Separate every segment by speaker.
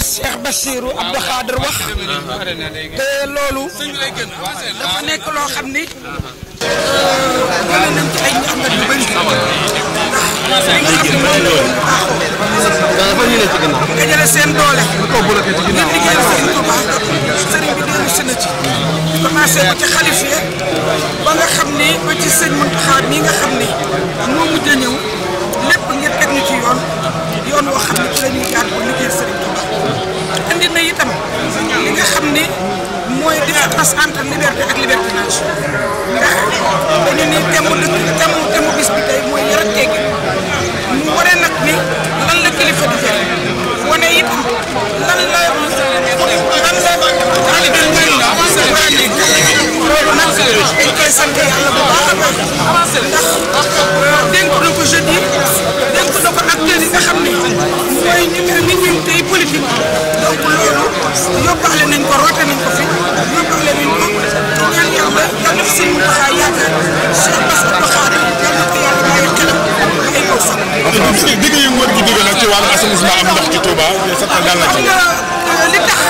Speaker 1: Cheikh Bassirou Abdou Khader wax te
Speaker 2: loolu dafa nekk loo xam ni gën a nañ ci ay njàmbat yu bëri ndax li nga xam ne moom la ñu nga jëlee seen doole ngeen liggéeyal Serigne Touba Serigne bi dellu si na ci commencé ko ci xalif ya ba nga xam ni ba ci sëñ Mountakha mii nga xam ni différence entre liberté ak libertinage ndax dañu ni thème mu thème mu bis bi tey mooy yar ak teggin liggéey yu ngóor gi digal nag ci wàllu assainissement am ndox ci Touba sant daal na ci. li tax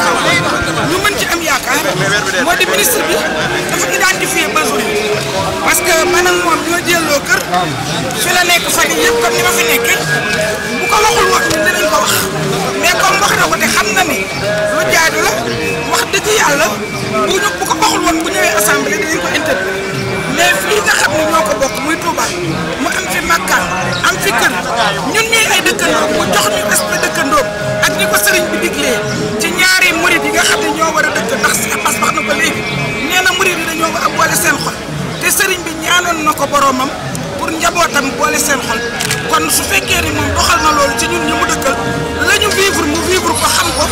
Speaker 2: ñu mën ci am yaakaar moo di ministre bi dafa identifié besoin parce que maanaam moom ñoo jëlloo kër fi la nekk fan yii yëpp comme ni ma fi nekkee bu ko waxul woon ñun dinañ ko wax mais comme wax na ko te xam na ni lu jaadu la wax dëgg yàlla bu ñu bu ko waxul woon. ñun ñuy ay dëkkandoom mu jox ñu respect dëkkandoom ak ñi ko sëriñ bi diglee ci ñaari murid yi nga xam ñoo war a dëkk ndax si Abbas wax na ko léegi nee na murid yi dañoo war a boole seen xol te sëriñ bi ñaanoon na ko boroomam pour njabootam boole seen xol kon su fekkee ni moom doxal na loolu ci ñun ñu mu dëkkal la ñu mu vivre ko xam ko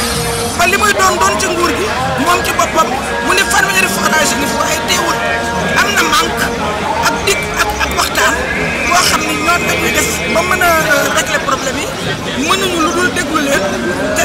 Speaker 2: ba li muy doon doon ci nguur gi moom ci boppam bi
Speaker 1: mënuñu lu dul déglu leen